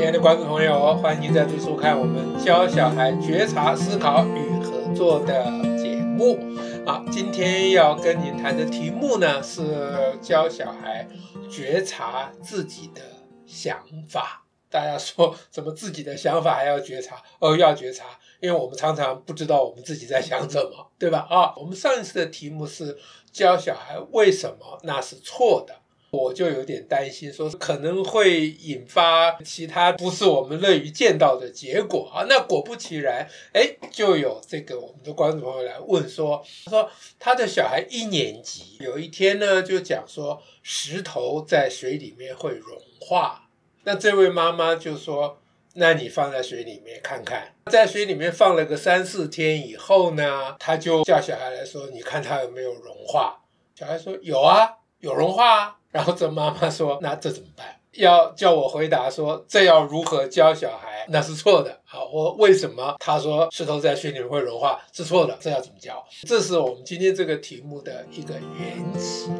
親愛的觀眾朋友，歡迎再次收看我們教小孩覺察、思考與合作的節目啊！今天要跟你談的題目呢，是教小孩覺察自己的想法。大家說，怎麼自己的想法還要覺察？哦，要覺察，因為我們常常不知道我們自己在想什麼，對吧？啊，我們上一次的題目是教小孩為什麼那是錯的。我就有點擔心，說可能會引發其他不是我們樂於見到的結果啊。那果不其然，誒就有這個我們的觀眾朋友來問說，說他的小孩一年級，有一天呢就講說石頭在水裡面會融化。那這位媽媽就說：“那你放在水裡面看看，在水裡面放了個三四天以後呢，他就叫小孩來說，你看它有沒有融化？”小孩說：“有啊。”有融化啊，然後這媽媽說：“那這怎麼辦？要叫我回答說這要如何教小孩？那是錯的。好，我為什麼？他說石頭在水裡會融化是錯的，這要怎麼教？這是我們今天這個題目的一個緣起。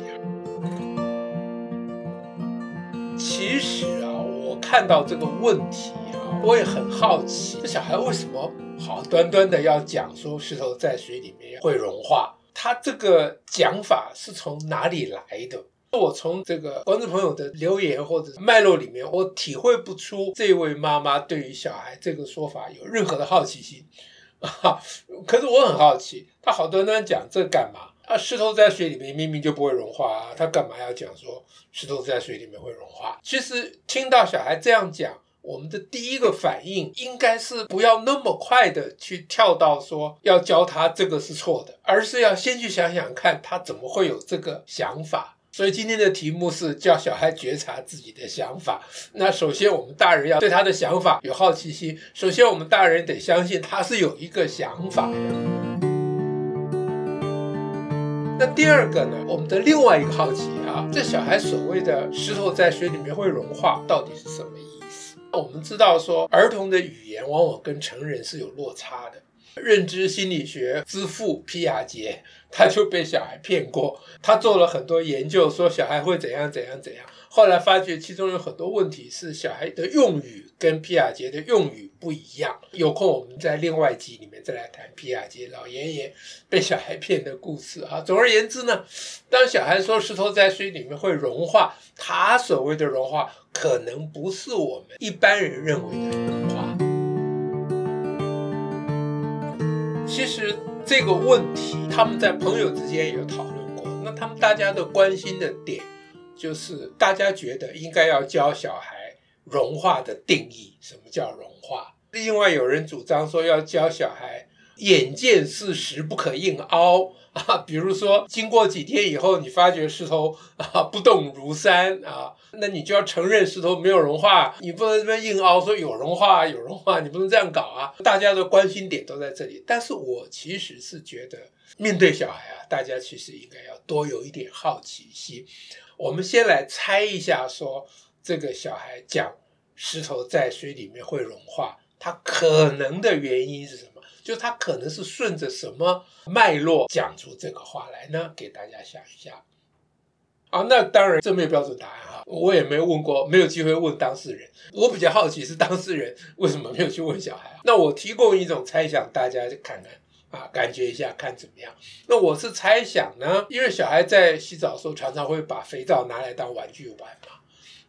其實啊，我看到這個問題啊，我也很好奇，這小孩為什麼好端端的要講說石頭在水裡面會融化？”他這個講法是從哪裡來的？我從這個觀眾朋友的留言或者脈絡裡面，我體會不出這位媽媽對於小孩這個說法有任何的好奇心啊。 可是我很好奇，他好端端講這幹嘛？啊，石頭在水裡面明明就不會融化啊，他幹嘛要講說石頭在水裡面會融化？其實聽到小孩這樣講。我們的第一個反應應該是不要那麼快的去跳到說要教他這個是錯的，而是要先去想想看他怎麼會有這個想法。所以今天的題目是教小孩覺察自己的想法。那首先我們大人要對他的想法有好奇心。首先我們大人得相信他是有一個想法的。那第二個呢，我們的另外一個好奇啊，這小孩所謂的石頭在水裡面會融化，到底是什麼？我們知道說，說兒童的語言往往跟成人是有落差的。認知心理學之父皮亞傑，他就被小孩騙過。他做了很多研究，說小孩會怎樣怎樣怎樣。後來發覺其中有很多問題是小孩的用語跟皮亞傑的用語不一樣。有空我們在另外一集裡面再來談皮亞傑老爺爺被小孩騙的故事啊。總而言之呢，當小孩說石頭在水裡面會融化，他所謂的融化可能不是我們一般人認為的融化。其實這個問題，他們在朋友之間也有討論過。那他們大家的關心的點，就是大家覺得應該要教小孩融化的定義，什麼叫融化？另外有人主張說要教小孩。眼見事實不可硬凹啊！比如說，經過幾天以後，你發覺石頭啊不動如山啊，那你就要承認石頭沒有融化，你不能這麼硬凹說有融化有融化，你不能這樣搞啊！大家的關心點都在這裡。但是我其實是覺得，面對小孩啊，大家其實應該要多有一點好奇心。我們先來猜一下說，說這個小孩講石頭在水裡面會融化，它可能的原因是什麼？就他可能是順着什麼脈絡講出這個話來呢？給大家想一下啊，那當然這沒有標準答案哈，我也沒有問過，沒有機會問當事人。我比較好奇是當事人為什麼沒有去問小孩。那我提供一種猜想，大家看看啊，感覺一下看怎麼樣？那我是猜想呢，因為小孩在洗澡的時候常常會把肥皂拿來當玩具玩嘛，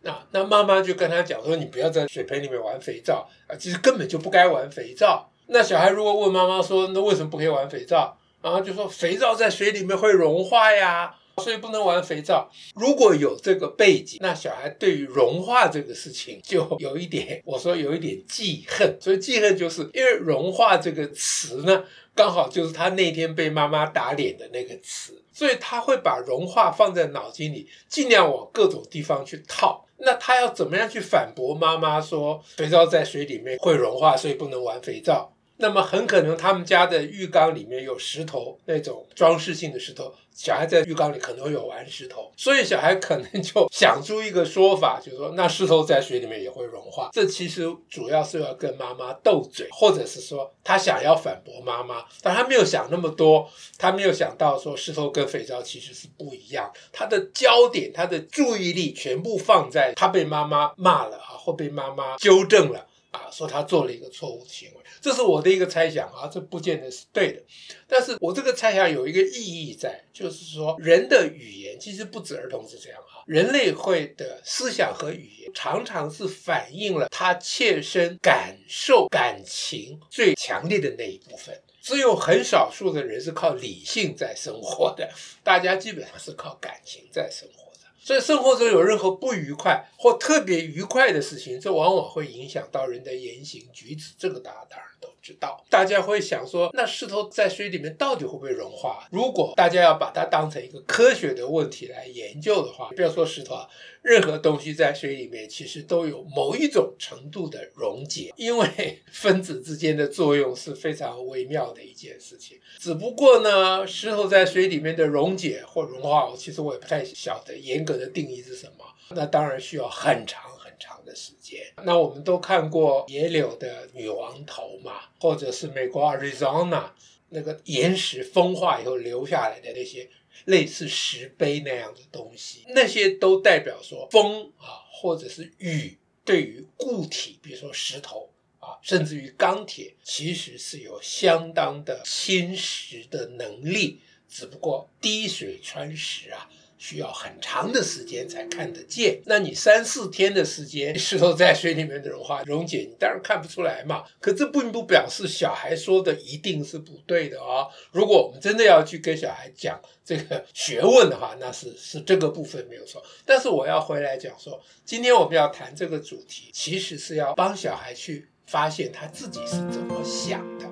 那那媽媽就跟他講說：“你不要在水盆裡面玩肥皂啊，其實根本就不該玩肥皂。”那小孩如果問媽媽說，那為什麼不可以玩肥皂？然後就說肥皂在水裡面會融化呀，所以不能玩肥皂。如果有這個背景，那小孩對於融化這個事情就有一點，我說有一點記恨。所以記恨就是因為融化這個詞呢，剛好就是他那天被媽媽打臉的那個詞，所以他會把融化放在腦筋裡，儘量往各種地方去套。那他要怎麼樣去反駁媽媽說肥皂在水裡面會融化，所以不能玩肥皂？那麼很可能他們家的浴缸裡面有石頭，那種裝飾性的石頭，小孩在浴缸裡可能會有玩石頭，所以小孩可能就想出一個說法，就是說那石頭在水裡面也會融化。這其實主要是要跟媽媽鬥嘴，或者是說他想要反駁媽媽，但他沒有想那麼多，他沒有想到說石頭跟肥皂其實是不一樣。他的焦點，他的注意力全部放在他被媽媽罵了啊，或被媽媽糾正了。啊，說他做了一個錯誤的行為，這是我的一個猜想啊，這不見得是對的，但是我這個猜想有一個意義在，就是說人的語言其實不止兒童是這樣啊，人類會的思想和語言常常是反映了他切身感受、感情最強烈的那一部分，只有很少數的人是靠理性在生活的，大家基本上是靠感情在生活。所以生活中有任何不愉快或特別愉快的事情，這往往會影響到人的言行舉止。這個大家當然懂。知道，大家會想說，那石頭在水裡面到底會不會融化？如果大家要把它當成一個科學的問題來研究的話，不要說石頭啊，任何東西在水裡面其實都有某一種程度的溶解，因為分子之間的作用是非常微妙的一件事情。只不過呢，石頭在水裡面的溶解或融化，我其實我也不太曉得嚴格的定義是什麼，那當然需要很長。長的時間，那我們都看過野柳的女王頭嘛，或者是美國 Arizona 那個岩石風化以後留下來的那些類似石碑那樣的東西，那些都代表說風啊，或者是雨，對於固體，比如說石頭啊，甚至於鋼鐵，其實是有相當的侵蝕的能力，只不過滴水穿石啊。需要很長的時間才看得見，那你三四天的時間，石頭在水裡面的融化溶解，你當然看不出來嘛。可這並不表示小孩說的一定是不對的啊、哦。如果我們真的要去跟小孩講這個學問的話，那是是這個部分沒有錯。但是我要回來講說，今天我們要談這個主題，其實是要幫小孩去發現他自己是怎麼想的。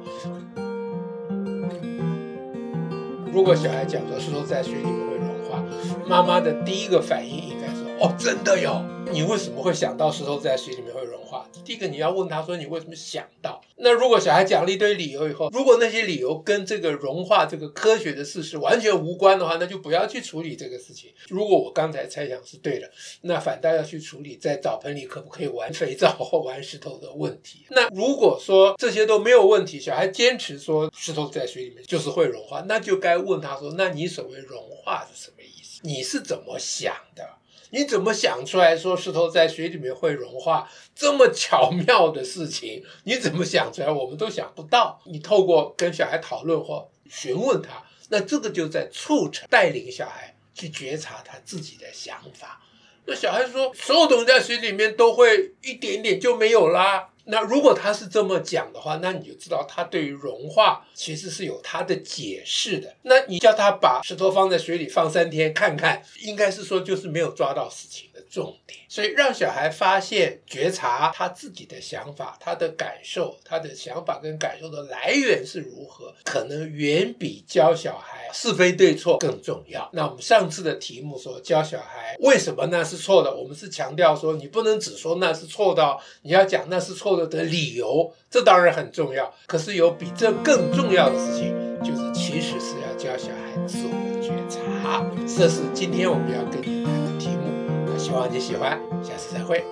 如果小孩講說石頭在水裡面會。媽媽的第一個反應應該說：‘哦，真的有？’你為什麼會想到石頭在水裡面會融化？第一個你要問他說：你為什麼想到？那如果小孩講了一堆理由以後，如果那些理由跟這個融化這個科學的事實完全無關的話，那就不要去處理這個事情。如果我剛才猜想是對的，那反倒要去處理在澡盆裡可不可以玩肥皂或玩石頭的問題。那如果說這些都沒有問題，小孩堅持說石頭在水裡面就是會融化，那就該問他說：那你所謂融化是什麼意思？你是怎麼想的？你怎麼想出來說石頭在水裡面會融化這麼巧妙的事情？你怎麼想出來？我們都想不到。你透過跟小孩討論或詢問他，那這個就在促成帶領小孩去覺察他自己的想法。那小孩說，所有東西在水裡面都會一點點就沒有啦。那如果他是這麼講的話，那你就知道他對於融化其實是有他的解釋的。那你叫他把石頭放在水裡放三天看看，應該是說就是沒有抓到事情的重點。所以讓小孩發現、覺察他自己的想法、他的感受、他的想法跟感受的來源是如何，可能遠比教小孩是非對錯更重要。那我們上次的題目說教小孩為什麼那是錯的，我們是強調說你不能只說那是錯的，你要講那是錯的的理由，這當然很重要。可是有比這更重要的事情，就是其實是要教小孩自我覺察。這是今天我們要跟你談的題目。那希望你喜歡，下次再會。